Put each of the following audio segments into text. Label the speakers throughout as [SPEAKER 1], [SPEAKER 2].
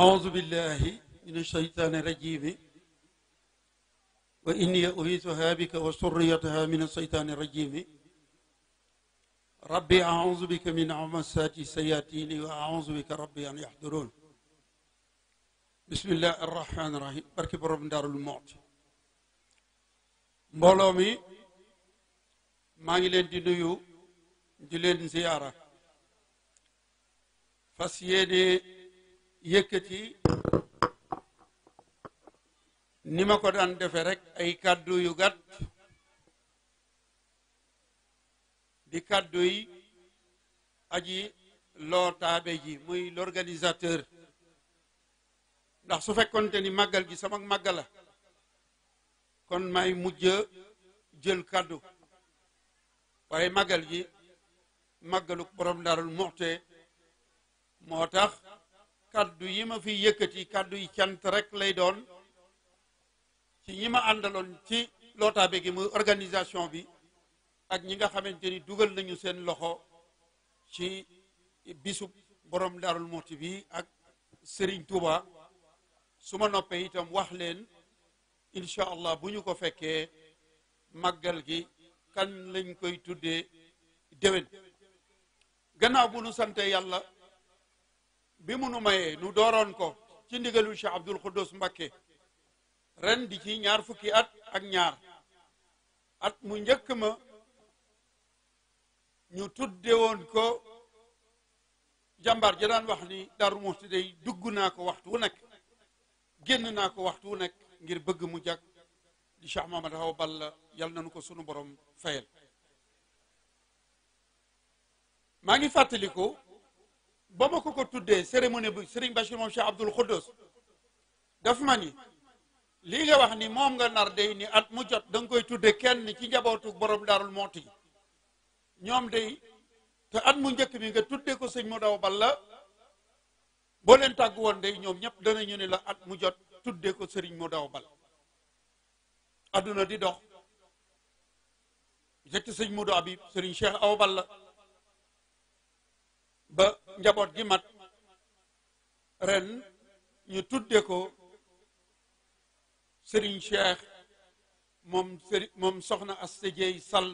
[SPEAKER 1] أعوذ بالله من الشيطان الرجيم وإني أعيذها بك وسريتها من الشيطان الرجيم ربي أعوذ بك من عمسات سياتيني وأعوذ بك ربي أن يحضرون بسم الله الرحمن الرحيم بارك برب دار الموت مبولومي ماغي لين دي نيو دي لين زياره فاس yëkkati ni ma ko daan defe rek ay kàddu yu gàtt di kàddu yi aji loo ji muy l'organisateur ndax su fekkonte ni màggal gi sama màgga la kon may mujj jël kàddu waaye màggal gi màggaluk borom daarul muxte moo tax kaddu yi ma fi yëkkati kaddu yi cant rek lay doon ci ñi ma àndaloon ci lootaabe gi muy organisation bi ak ñi nga xamante ni dugal nañu seen loxo ci bisub borom daarul Muxti bi ak Serigne Touba su ma noppee itam wax leen incha allah bu ñu ko fekkee màggal gi kan lañ koy tuddee déwén gannaaw bu nu sante yàlla. bi mu nu mayee nu dooroon ko ci ndigalu Cheikh Abdul Xuddus Mbakke ren di ci ñaar fukki at ak ñaar at mu njëkk ma ñu tudde woon ko jàmbaar ja daan wax ni Daaru Muxti day dugg naa ko waxtu wu nekk génn naa ko waxtu wu nekk ngir bëgg mu jag di Cheikh Mamadou Hawa Balla yal nañu ko sunu borom fayal maa ngi fàttaliku ba ma ko ko tuddee cérémonie bi Serigne Bachir moom Cheikh Abdoul Khoudous daf ma ni lii nga wax ni moom nga nar day ni at mu jot danga koy tuddee kenn ci njabootu borom daarul moo yi ñoom day te at mu njëkk mi nga tuddee ko sëñ mu daw balla boo leen tàgg woon day ñoom ñëpp danañu ni la at mu jot tuddee ko sëriñ mu daw bal adduna di dox jëkk sëñ mu do abib sëriñ Cheikh njaboot gi mat ren ñu tuddee ko Serigne Cheikh moom Serigne moom sal Asta Dieye Sall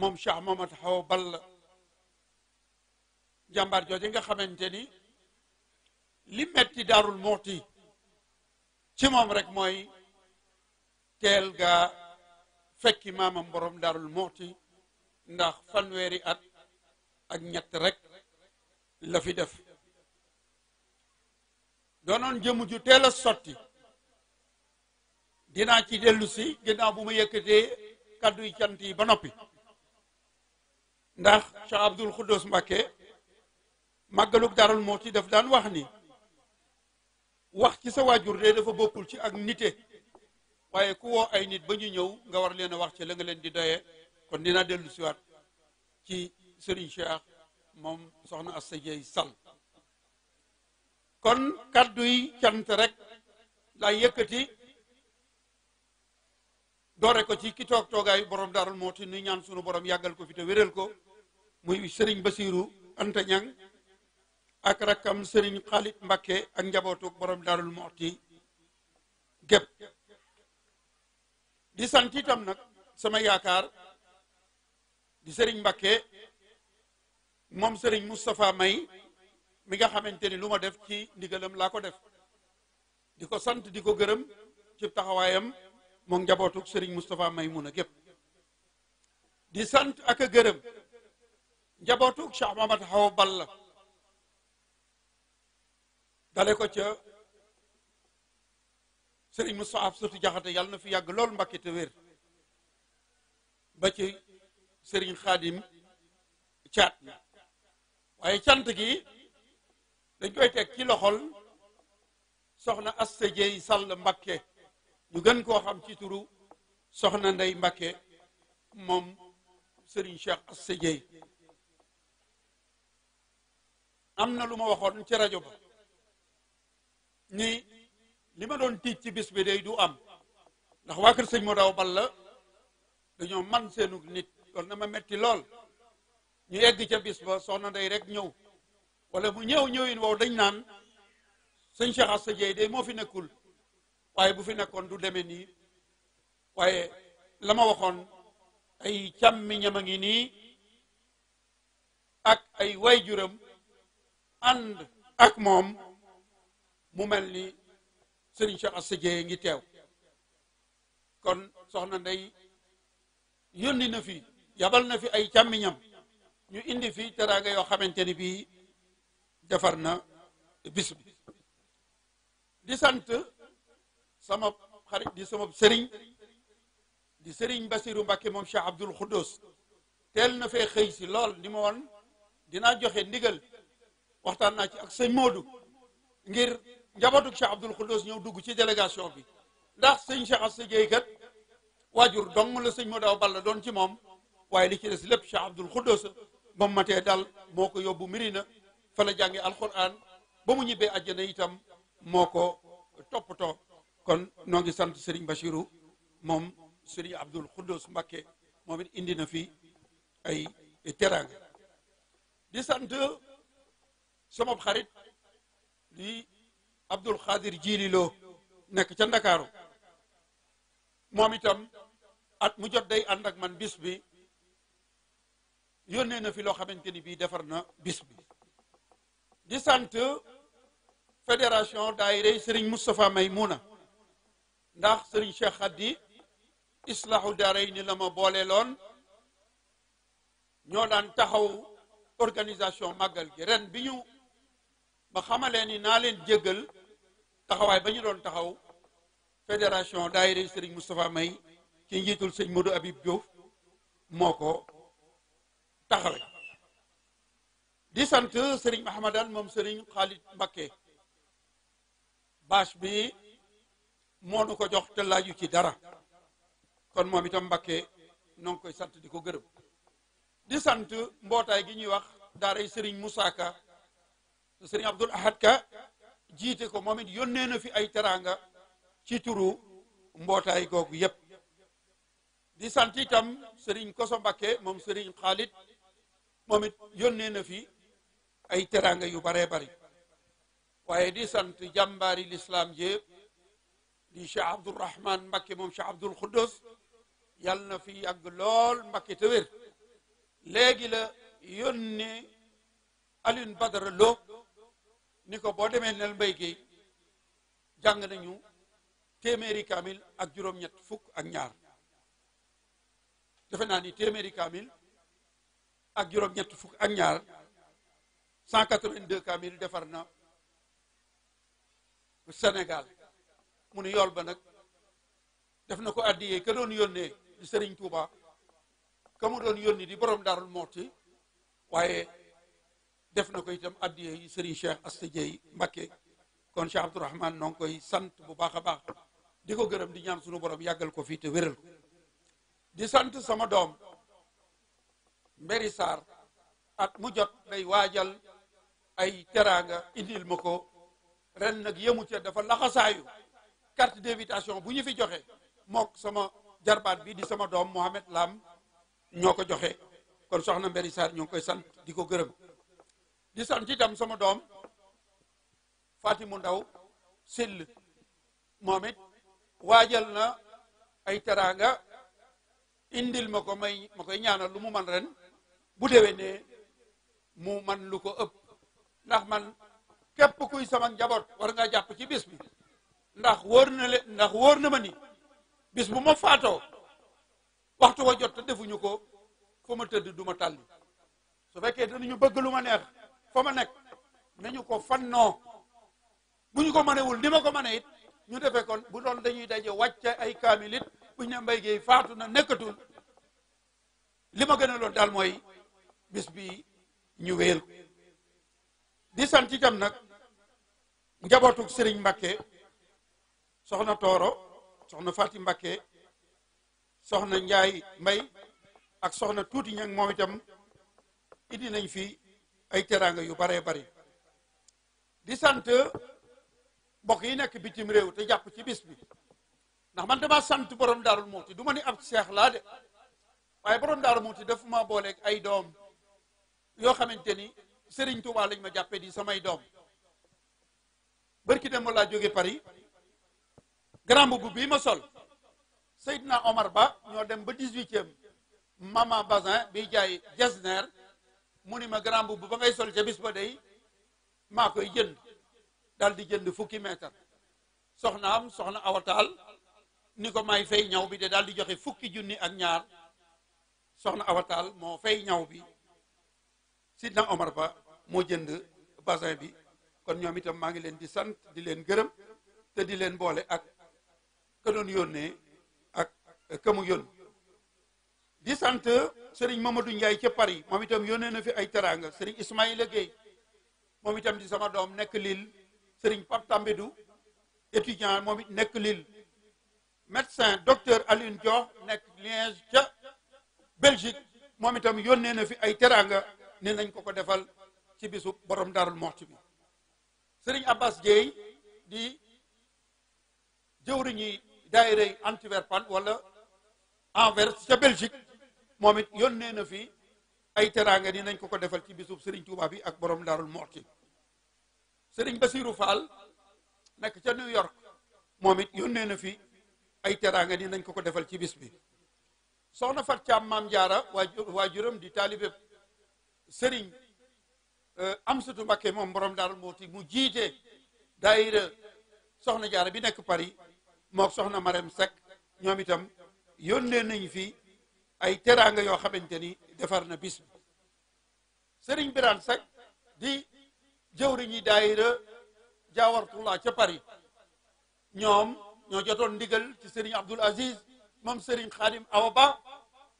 [SPEAKER 1] moom Cheikh Mamad Haw Ball jàmbaar jooju nga xamante ni li metti daarul muxti ci moom rek mooy teel ga fekki maamam borom daarul muxti ndax fanweeri at ak ñett rek la fi def doonoon jëmm ju teel a sotti dinaa ci dellusi si ginnaaw bu ma yëkkatee kàddu yi cant yi ba noppi ndax Cheikh Abdoul Khoudous Mbacké màggalug Daarul Mooti daf daan wax ni wax ci sa waajur de dafa bokkul ci ak nite waaye ku woo ay nit ba ñu ñëw nga war leen wax ci la nga leen di doyee kon dina dellu siwaat ci sëriñ Cheikh moom soxna Asta Dieye Sall kon kaddu yi rek lay yëkkati doore ko ci ki toog toogaayu borom daarul mooti nuy ñaan sunu borom yàggal ko fi te wéral ko muy sëriñ Basiru Anta Ñang ak rakkam Serigne Khalid Mbakke ak njabootu borom daarul mooti gépp di sant itam nag sama yaakaar di Serigne Mbakke moom Serigne Moustapha May mi nga xamante ni lu ma def ci ndigalam laa ko def di ko sant di ko gërëm ci taxawaayam moom njabootuk sëriñ Moustapha May mun a gépp di sant ak a gërëm njabootuk Cheikh Mahamad bal la dale ko ca Serigne Moustapha Soti Jaxate yàlla na fi yàgg lool Mbàkke te wér ba ci Serigne Khadim Thiat waaye cant gi dañ koy teg ci loxol soxna Asta Dieye Sall Mbakke ñu gën koo xam ci turu soxna Ndey Mbakke moom Serigne Cheikh Asta Dieye am na lu ma waxoon ci rajo ba ni li ma doon tiit ci bis bi day du am ndax waa kër sëñ moo daaw bal la dañoo man seenug nit doon na ma metti lool ñu egg ca bis ba soxna day rek ñëw wala mu ñëw ñëwin wow dañ naan sëñ Cheikh Assa Dieye de moo fi nekkul waaye bu fi nekkoon du demee nii waaye la ma waxoon ay càmmi ñam a ngi nii ak ay wayjuram ànd ak moom mu mel ni sëriñ Cheikh Assa Dieye ngi teew kon soxna Ndey yónni na fi yabal na fi ay càmmiñam ñu indi fi teraanga yoo xamante ni bii defar na bis bi di sant sama xarit di sama sëriñ di sëriñ Basiru Mbàkke moom Cheikh Abdul Xuddoos teel na fee xëy si lool ni ma woon dinaa joxe ndigal waxtaan naa ci ak sëñ Moodu ngir njabootu Cheikh Abdul Xuddoos ñëw dugg ci délégation bi ndax sëñ Cheikh Assa Dieye kat waajur dong la sëñ Moodu Balla doon ci moom waaye li ci des lépp Cheikh Abdul Xuddoos ba mu matee dal moo ko yóbbu Mirina fa la jànge alquran ba mu ñibbee àjjana itam moo ko toppatoo kon noo ngi sant Serigne Bachiru moom Serigne Abdul Xuddos Mbakke moom it indi na fi ay teraanga di sant sama xarit di Abdul Xaadir Jiililoo nekk ca Ndakaaru moom itam at mu jot day ànd ak man bis bi yónnee na fi loo xamante ni bii defar na bis bi di sant fédération daayira sëriñ Moustapha Maymouna ndax sëriñ Cheikh Khady islaahu daaray ni la ma boole loon ñoo daan taxaw organisation màggal gi ren bi ñu ma xamalee ni naa leen jéggal taxawaay ba ñu doon taxaw fédération daayira sëriñ Moustapha May ci njiitul sëñ Modou Habib Diouf moo ko taxawe di sant sëriñ Mahamadan moom Serigne Khalid Mbakke bâche bi moo nu ko jox te laaju ci dara kon moom itam Mbakke noo koy sant di ko gërëm di sant mbootaay gi ñuy wax daaray sëriñ Moussa Ka Serigne Ahad Ka jiite ko moom it yónnee na fi ay teraanga ci turu mbootaay googu yépp di sant itam sëriñ Koso Mbakke moom Serigne Khalid moom it yónnee na fi ay teranga yu baree bari waaye di sant jàmbaari lislaam yëpp di Cheikh Abdourahman Mbakke moom Cheikh Abdoul Khoudous yàlla na fi yàgg lool Mbakke te wér léegi la yónnee Alioune Badara Lo ni ko boo demee nel mbay gi jàng nañu téeméeri kaamil ak juróom-ñett fukk ak ñaar defe naa ni téeméeri kaamil ak juróom-ñett fukk ak ñaar 182 kaamil defar na Sénégal mu ni yool ba nag def na ko addiyee ka doon yónnee di Serigne Touba ka mu doon yónni di borom Darou Mouhty waaye def na ko itam addiyee yi Serigne Cheikh Asta Dieye Mbacké kon Cheikh Abdourahmane noo ngi koy sant bu baax a baax di ko gërëm di ñaan sunu borom yàggal ko fii te wéral di sant sama doom mbéri saar at mu jot day waajal ay teraanga indil ma ko ren nag yemu ca dafa laxasaayu carte d'invitation bu ñu fi joxe mook sama jarbaat bi di sama doom Mohamed Lam ñoo ko joxe kon soxna Mbéri Sarr ñoo ngi koy sant di ko gërëm di sant itam sama doom mu Ndaw Sill moom waajal na ay teraanga indil ma ko may ma koy ñaanal lu mu man ren bu déwénee mu man lu ko ëpp ndax man képp kuy sama njaboot war nga jàpp ci bis bi ndax wóor na le ndax wóor na ma ni bis bu ma faatoo waxtu wa jot te defuñu ko fa ma tëdd du ma tàlli su fekkee ñu bëgg lu ma neex fa ma nekk nañu ko fannoo bu ñu ko mënewul ni ma ko mëne it ñu defee kon bu doon dañuy daje wàcce ay kaamilit buñ ne mbay géey faatu na nekkatul li ma gën a loon daal mooy bis bi ñu wéyal di sant itam nag njabootuk sëriñ Mbakke soxna Tooro soxna Fati Mbakke soxna Njaay Mbay ak soxna tuuti ñang moom itam indi nañ fi ay teraanga yu baree bari di sant mbokk yi nekk bitim réew te jàpp ci bis bi ndax man dama sant borom daarul muuti du ma ni ab seex laa de waaye borom daarul muuti daf ma booleeg ay doom yoo xamante ni Serigne Touba lañ ma jàppee di samay doom barki dem laa jóge Paris grand mbubb bii ma sol Seydina Omar Ba ñoo dem ba dix-huitième mama Bazin bi jaay Jesner mu ni ma grand mbubb ba ngay sol ca bis ba day maa koy jënd daal di jënd fukki meetar soxna am soxna awataal ni ko may fay ñaw bi de daal di joxe fukki junni ak ñaar soxna awataal moo fay ñaw bi Sidna Omar Ba moo jënd basin bi kon ñoom itam maa ngi leen di sant di leen gërëm te di leen boole ak ka yónnee ak ka mu yónn di sant Serigne Mamadou Ndiaye ca Paris moom itam yónnee na fi ay teraanga Serigne Ismaïla Gueye moom itam di sama doom nekk Lille sëriñ Pape Tambidou étudiant moom it nekk Lille médecin docteur Alioune Dior nekk Liège ca Belgique moom itam yónnee na fi ay teraanga. ni nañ ko ko defal ci bisu boroom daarul moxti bi sëriñ abbas Dieye di jëwriñi daayira Antwerpen wala Anvers ca Belgique moom it yónnee na fi ay teraanga ni nañ ko ko defal ci bisu sëriñ Touba bi ak borom daarul moxti sëriñ Basiirou Fall nekk ca New na fi ay teraanga ni nañ ko ko defal ci bis bi soxna Fat Caam maam jaara waa waajuram di taalibe sëriñ euh, Amsatu Mbakke moom borom daaru ti mu jiite daayira soxna jaara bi nekk Paris mook soxna Marème Seck ñoom itam yónnee nañu fi ay teraanga yoo xamante ni defar na bis bi sëriñ Birane Seck di jëwriñi daayira jaawartulaa ca Paris ñoom ñoo jotoon ndigal ci sëriñ Abdoul Aziz moom sëriñ Khadim Awa Ba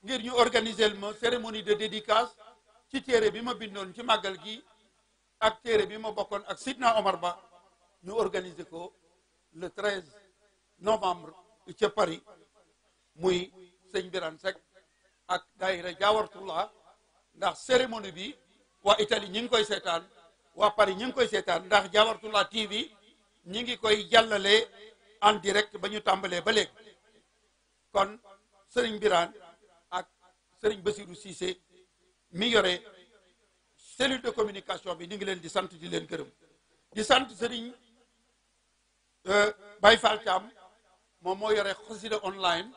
[SPEAKER 1] ngir ñu organiser ma cérémonie de dédicace ci téere bi ma bindoon ci màggal gi ak téere bi ma bokkoon ak Sidna Omar Ba ñu organiser ko le 13 novembre ca Paris muy sëñ Birane Seck ak daayira Jaawartullah ndax cérémonie bi waa Italie ñi ngi koy seetaan wa Paris ñi ngi koy seetaan ndax Jaawartullah TV ñi ngi koy jàllale en direct ba ñu tàmbalee ba léegi kon sëriñ Birane ak sëriñ Bassirou Cissé mi yore cellule de communication bi ñu ngi leen di sant di leen gërëm di sant Serigne euh, Baye Fall Thiam moom moo yore xasida online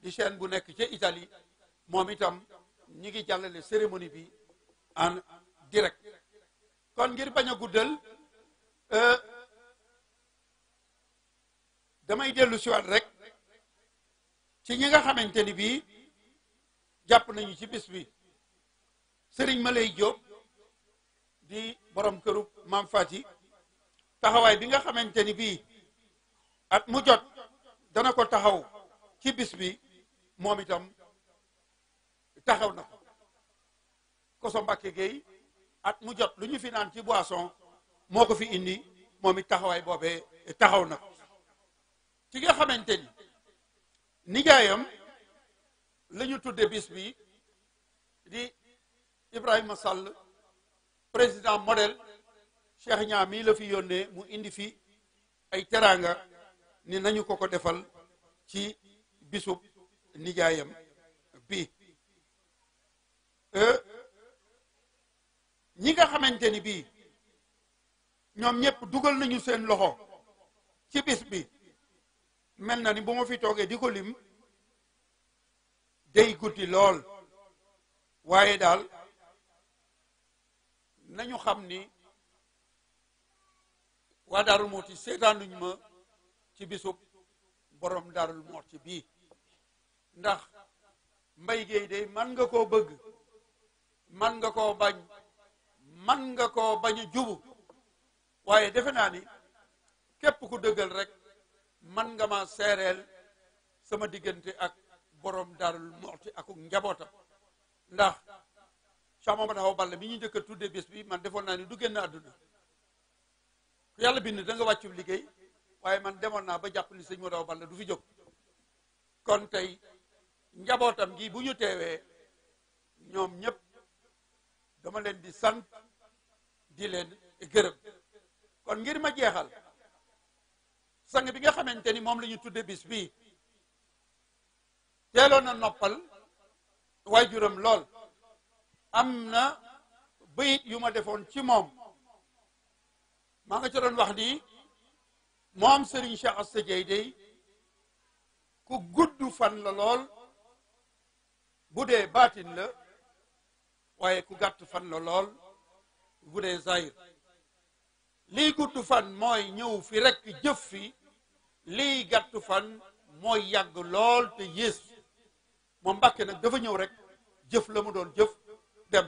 [SPEAKER 1] di chaîne bu nekk ca Italie moom itam ñi ngi jàllale cérémonie bi en direct kon ngir bañ a guddal euh, damay dellu siwaat rek ci ñi nga xamante ni bii jàpp nañu ci bis bi sëriñ ma lay Jóob di borom këru maam Fati taxawaay bi nga xamante ni bii at mu jot dana ko taxaw ci bis bi moom itam taxaw na ko koso Mbàkke Géey at mu jot lu ñu fi naan ci boisson moo ko fi indi moom it taxawaay boobe taxaw na ci nga xamante ni nijaayam la ñu tudde bis bi di Ibrahima Sall président modèle Cheikh Niang mii la fi yónnee mu indi fi ay teraanga ni nañu ko ko defal ci bisub nijaayam bi euh, ñi nga xamante ni bii ñoom ñëpp dugal nañu seen loxo ci bis bi mel na ni bu ma fi toogee di ko lim day guddi lool waaye daal nañu xam ni waa daarul mooti seetaanuñ ma ci bisub borom daarul mooti bii ndax mbay géey day man nga koo bëgg man nga koo bañ man nga koo bañ a jubu waaye defe naa ni képp ku dëggal rek man nga ma seereel sama diggante ak borom daarul mooti ak njabootam ndax chama ma Hawa Balla mi ñu njëkk tuddé bës bi man defoon na ni du génn aduna ku yalla bind da nga waccu liggéey waye man demoon na ba japp ni sëñ Mamadou Hawa du fi kon tay njabotam gi bu ñu téwé ñom ñëpp dama leen di sant di leen gërëm kon ngir ma jéxal sang bi nga xamanteni mom lañu tuddé bës bi bis na noppal wajuram lol am na bayit yu ma defoon ci moom maa nga ca doon wax ni moom Serigne Cheikh Assa Dieye day ku gudd fan la lool bu dee baatin la waaye ku gàtt fan la lool bu dee zahir lii gudd fan mooy ñëw fi rekk jëf fi lii gàtt fan mooy yàgg lool te yées moom Mbàkke nag dafa ñëw rek jëf la mu doon jëf dem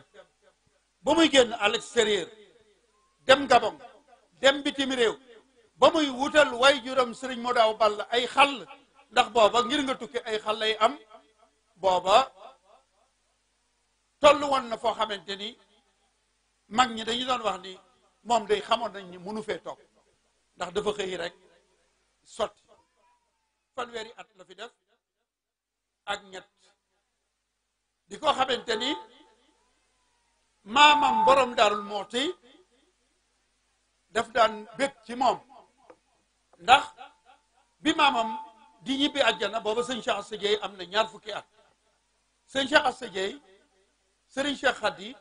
[SPEAKER 1] ba muy génn à l'extérieur dem Gabon dem bitim réew ba muy wutal way juróom sëriñ moo daaw ball ay xàll ndax booba ngir nga tukki ay xàll ay am booba toll woon na foo xamante ni mag ñi dañu doon wax ni moom day xamoon nañ ni mënu fee toog ndax dafa xëy rek sotti fanweeri at la fi def ak ñett di ko xamante ni maamam borom darul mooti daf daan bég ci moom ndax bi maamam di ñibbi àjjana booba sëñ Cheikh Assa Dieye am na ñaar fukki at sëñ Cheikh Assa Dieye sëriñ Cheikh Khady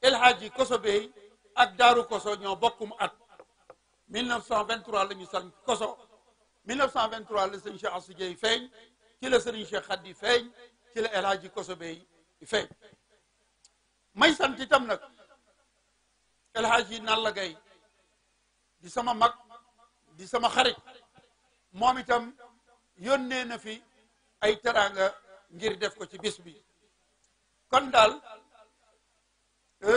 [SPEAKER 1] El Hadji Koso Bey ak Daaru Koso ñoo bokkum at 1923 la ñu sañ Koso 1923 la sëñ Cheikh Assa Dieye feeñ ci la sëriñ Cheikh Khady feeñ ci la El Hadji Koso Bey feeñ may sant itam nag El Hadji di sama mag di sama xarit moom itam yónnee na fi ay teraanga ngir def ko ci bis bi kon daal e,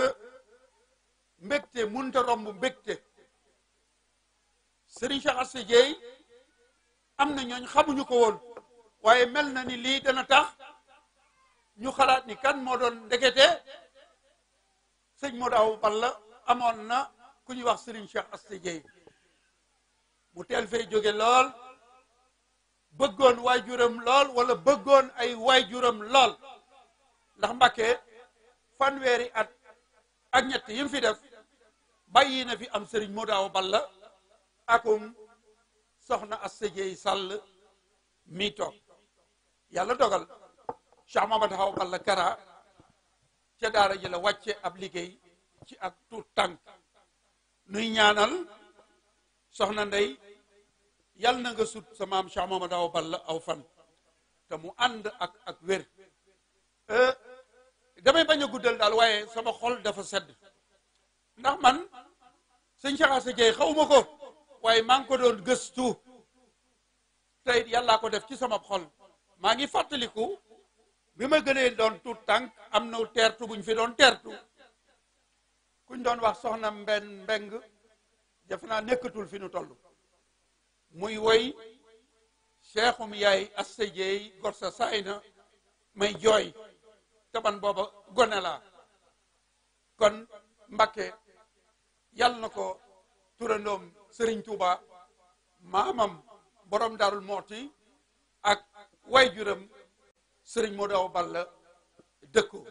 [SPEAKER 1] mbégte munta romb mbégte Serigne Cheikh Assa Dieye am na ñooñ xamuñu ko woon waaye mel na ni lii dana tax ñu xalaat ni kan moo doon ndekete sëñ Modou Awa Balla amoon na ku ñuy wax sëriñ Cheikh Assa Dieye mu teel fee jóge lool bëggoon waajuram lool wala bëggoon ay waajuram lool ndax Mbàkke fanweeri at ak ñett yim fi def bàyyi na fi am Serigne Modou Awa Balla akum soxna Assa Dieye Sall mi toog dogal Cheikh Mamadou Awa Balla Kara ca daara ji la wàcce ab liggéey ci ak tuut tànk nuy ñaanal soxna ndey yal na nga sut sa maam Cheikh Mamadou Awa Balla aw fan te mu ànd ak ak wér damay bañ a guddal daal waaye sama xol dafa sedd ndax man sëñ Cheikh Assa Dieye xawma ko waaye maa ngi ko doon gëstu te it yàllaa ko def ci sama xol maa ngi fàttaliku bi ma gënee doon tuut tànk am na teertu guñ fi doon teertu kuñ doon wax soxna mbenn mbeng defe naa nekkatul fi nu toll muy woy seexum yaay assajeey gor saay na may jooy taban booba gone la kon mbake yal na ko turandoom sëriñ tuuba maamam borom darul mooti ak way juram sëriñ Modou Awa Balla dëkkoo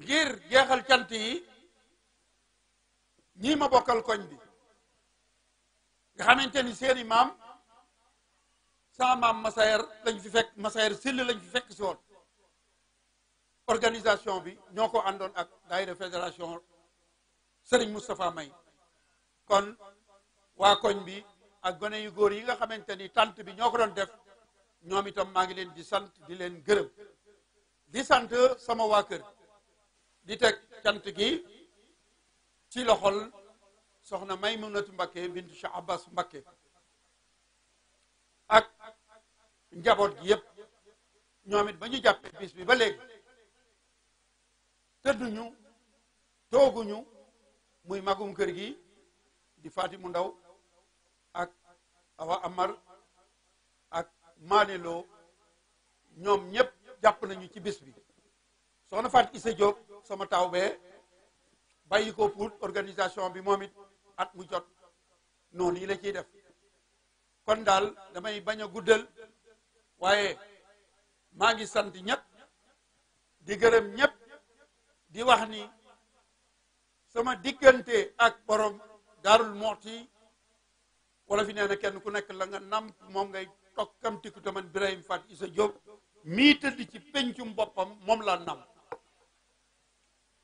[SPEAKER 1] ngir jeexal cant yi ñii ma bokkal koñ bi nga xamante ni seeni maam sama maam Masayer lañ fi fekk Masayer Sill lañ fi fekk si woon organisation bi ñoo ko àndoon ak daayira fédération sëriñ Moustapha May kon waa koñ bi ak gone yu góor yi nga xamante ni tant bi ñoo ko doon def ñoom itam maa ngi leen di sant di leen gërëm di sant sama waa kër di teg cant gi ci loxol soxna Maymunatu Mbakke bintu Cheikh Abbas Mbakke ak njaboot gi yépp ñoom it ba ñu jàppee bis bi ba léegi tëdduñu tooguñu muy magum kër gi di Faati mu ndaw ak Awa Amar maaneloo ñoom ñëpp jàpp nañu ci bis bi soo soxna Faat Isa Diop sama taw bee bàyyi ko pour organisation bi moom it at mu jot noonu yi la ciy def kon daal damay bañ a guddal waaye maa ngi sant ñëpp di gërëm ñëpp di wax ni sama diggante ak borom daarul mooti wala fi nee na kenn ku nekk la nga namp moom ngay tokkamtiku te man ibrahim Fat job, mi te di ci pencum bopam mom la nam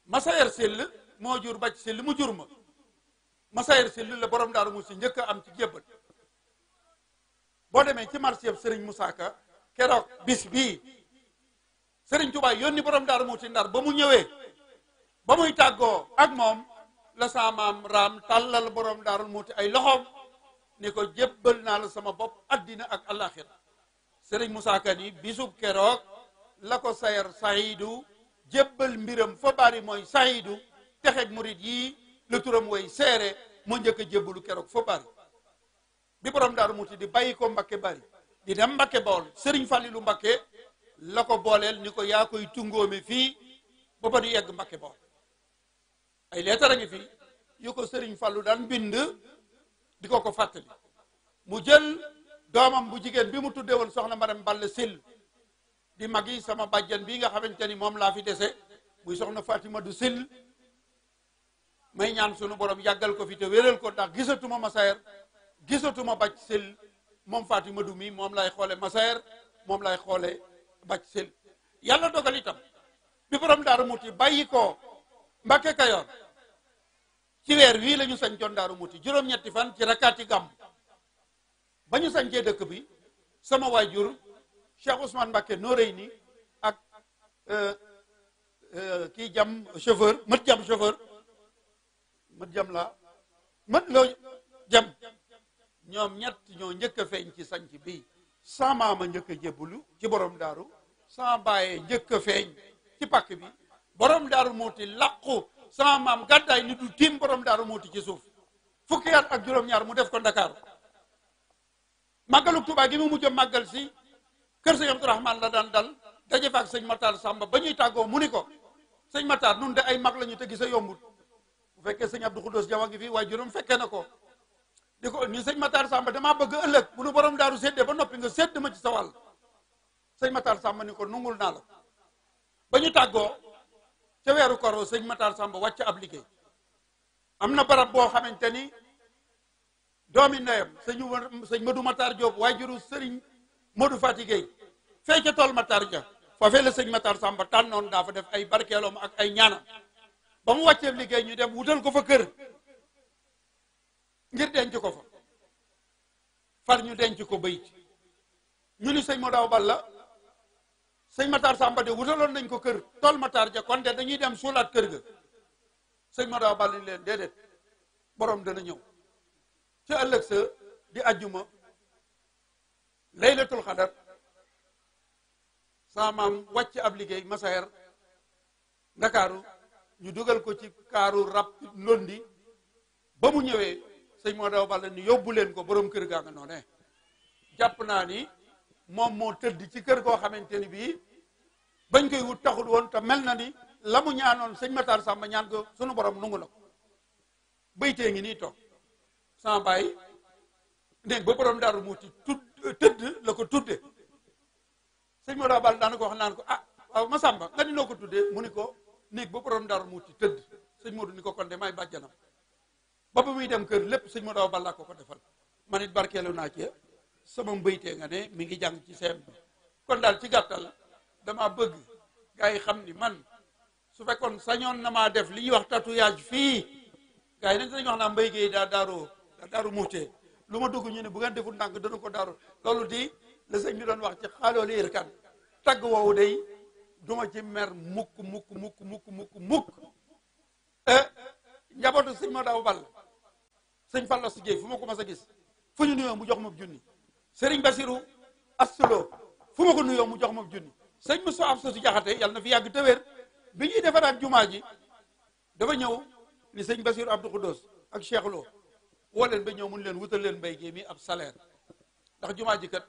[SPEAKER 1] Massayer sel mo jur bac sel mu jurma ma Massayer Sell la borom daaru mu ci ñeuk am ci jébbal bo demé ci marché Serigne Moussa Ka sering bis bi Serigne Touba yoni borom daaru mu ci ndar ba mu ñëwé ba muy taggo ak mom la mam ram talal borom daaru mu ci ay loxom ne ko jébbal na la sama bop adina ak alakhirah serigne Moussa kadi bisub keroog la ko sayar sayidu jébbal mbiram fa bari mooy sayidu texeg murit yi le touram way seere mo njëkk a jébbalu keroog fa bari bi borom daru muti di bayiko ko bari di dem mbakke bol serigne fallilu mbakke la ko niko ni ko yaa koy tungóomi fi ba ba di yegg mbakke bol ay leetara ngi fi yu ko sëriñ fàllu bind di ko ko mu jël domam bu jigen bi mu won soxna maram Balle sil di magi sama bajjan bi nga xamanteni mom la fi déssé muy soxna Fatima du sil may ñaan suñu borom yagal ko fi te wéral ko tax gisatuma Masayer gisatuma Bac sil mom Fatima du mi mom lay xoole Masayer mom lay xolé Bac sil yalla dogal itam bi borom Daaru Muti bayiko ko kayor ci weer wii la ñu sañcoon Daaru Muti juróom-ñetti fan ci rakkaati gàmm ba ñu sañcee dëkk bi sama waajur Cheikh Ousmane Mbacké Noreyni ak euh, euh, kii jam chauffeur mët jam chauffeur mët jam laa mët loo jam ñoom ñett ñoo njëkk a feeñ ci sanc bi sa maama njëkk a jébbalu ci borom daaru sa bàyyee njëkk a feeñ ci pàkk bi borom daaru muuti làqu sama maam gàddaay ni du tiim borom daaru muuti ci suuf fukki at ak juróom-ñaar mu def ko Ndakaaru màggalu Tuubaa gi mu mujj màggal si kër sëñ Abdourahmane la daan dal daje fa ak sëñ Matar Samba ba ñuy tàggoo mu ni ko sëñ Matar nun de ay mag la ñu te gis yombut bu fekkee sëñ du Khoudous Jawa ngi fii waaye juróom fekkee na ko di ko ni sëñ Matar Samba damaa bëgg ëllëg bu nu borom daaru séddee ba noppi nga sedd ma ci sa wàll sëñ Matar Samba ni ko nungul naa la ba tàggoo. ca weeru koor wa sëñ Matar Samba wàcc ab liggéey am na barab boo xamante ni doomi ndeyam sëñ sëñ Modou Matar Diop waajuru sëriñ Modou Fatigué fee ca tool Matar ja foofee la sëñ Matar Samba tànnoon daa fa def ay barkeeloom ak ay ñaanam ba mu wàccee liggéey ñu dem wutal ko fa kër ngir denc ko fa far ñu denc ko bayit ñu ni sëñ Modou Awa Balla sëñ Matar Samba de wutaloon nañ ko kër tool Matar ja kon de dañuy dem suulaat kër ga sëñ Matar bàlli leen déedéet borom dana ñëw ci a sa di ajjuma laylatul xadar saa maam wàcc ab liggéey masayer ndakaaru ñu dugal ko ci kaaru rab londi ba mu ñëwee sëñ moo daw balla ni yóbbu leen ko borom kër gaa nga noone jàpp naa ni mom mo teud ci kër ko xamanteni bi bañ koy wut taxul won ta mel ni lamu ñaanon señ Matar sama ñaan ko suñu borom nungu na ko baytee ngi ni tok sama bay ne bo borom tudd tëdd tudde señ mo Bal dan ko wax nan ko ah ma Masamba nga di noko tudde muniko mu ni ko néeg ba borom daaru muuti tëdd Modou ni ko kon de may bajjanam ba bu muy dem kër lepp señ mo Bal la ko ko defal manit barkelu na ci sama mbeyte nga ne mi ngi jang ci sem kon dal ci gattal dama bëgg gaay yi xam ni man su fekkon sañon na ma def li ñuy wax tatu yaaj fi gaay nañ dañu wax na mbey gi da daru da daru muté luma dugg ñu ne bu ngeen deful ko daru lolu di le sëñ bi doon wax ci li irkan tag woowu day duma ci mer mukk mukk mukk mukk mukk mukk Eh, sëñ ma daw bal sëñ fallo Gueye fu ma ko mas a gis fuñu ñu mu jox ma junni sëriñ Basiru Astulo fu ma ko nuyoo mu jox ma junni sëñ Moussa am sotu jaxate yàlla na fi yàgg tëwéer bi ñuy ak jumaa ji dafa ñëw ni sëñ Basiru Abdou Khoudos ak Cheikh Lo woo leen ba ñëw mun leen wutal leen mbay gii mi ab saleer ndax jumaa ji kat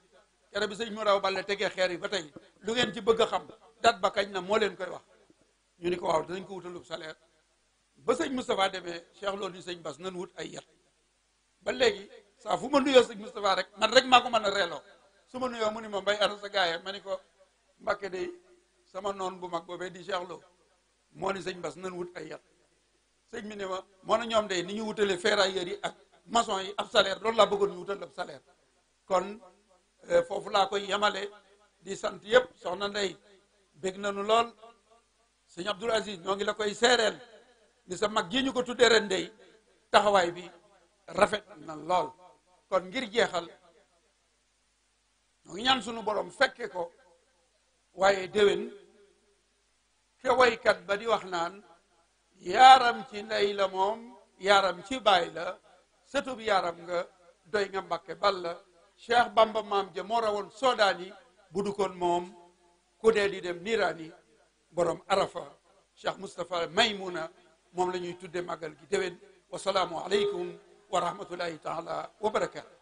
[SPEAKER 1] kere bi sëñ Moraw bale tegee xeer yi ba tey lu ngeen ci bëgg a xam dat ba kañ na moo leen koy wax ñu ni ko waaw danañ ko wutalub salaire ba sëñ Moustapha demee Cheikh Lo ni sëñ Bas nan wut ay yat saa fu ma nuyoo sëñ Moustapha rek man rek maa ko mën a reeloo su ma nuyoo mu ni ma mbay ana sa gaaye ma ni ko Mbàkke day sama noon bu mag boobee di Cheikh Lo moo ni sëñ Bas nan wut ay yat sëñ bi ne ma moo na ñoom day ni ñu wutale ferrailleurs yi ak maçon yi ab salaire loolu laa bëggoon ñu wutal ab salaire kon euh, foofu laa koy yemale di sant yëpp soxna Ndey bég nañu lool sëñ Abdoul Aziz ñoo ngi la koy seereel ni sa mag ji ñu ko tuddee ren day taxawaay bi rafet na lool kon ngir jeexal ñu ñaan sunu borom fekke ko waye déwén ke kat ba di wax naan
[SPEAKER 2] yaram
[SPEAKER 1] ci ndey la mom yaram ci bay la bi yaram nga doy nga mbacke bal la cheikh bamba mam je mo rawon sodani bu du koon ku de di dem nirani borom arafa cheikh mustafa maymuna mom lañuy tudde magal gi déwén salamu alaykum ورحمة الله تعالى وبركاته